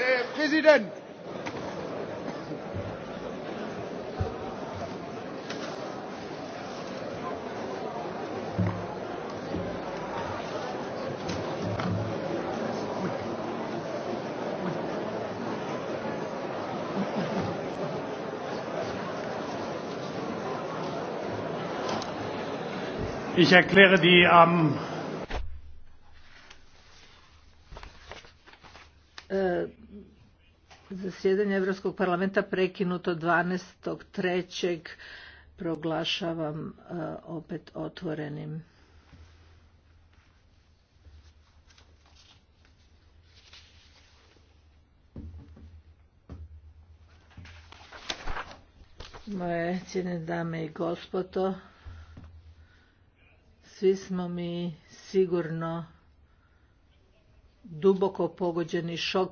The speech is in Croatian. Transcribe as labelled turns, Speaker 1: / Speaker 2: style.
Speaker 1: Herr eh, Präsident!
Speaker 2: Ich erkläre die am
Speaker 3: E, zasjedanje Europskog parlamenta prekinuto 12.3. proglašavam e, opet otvorenim. Moje cijene dame i gospodo, svi smo mi sigurno duboko pogođeni
Speaker 4: šok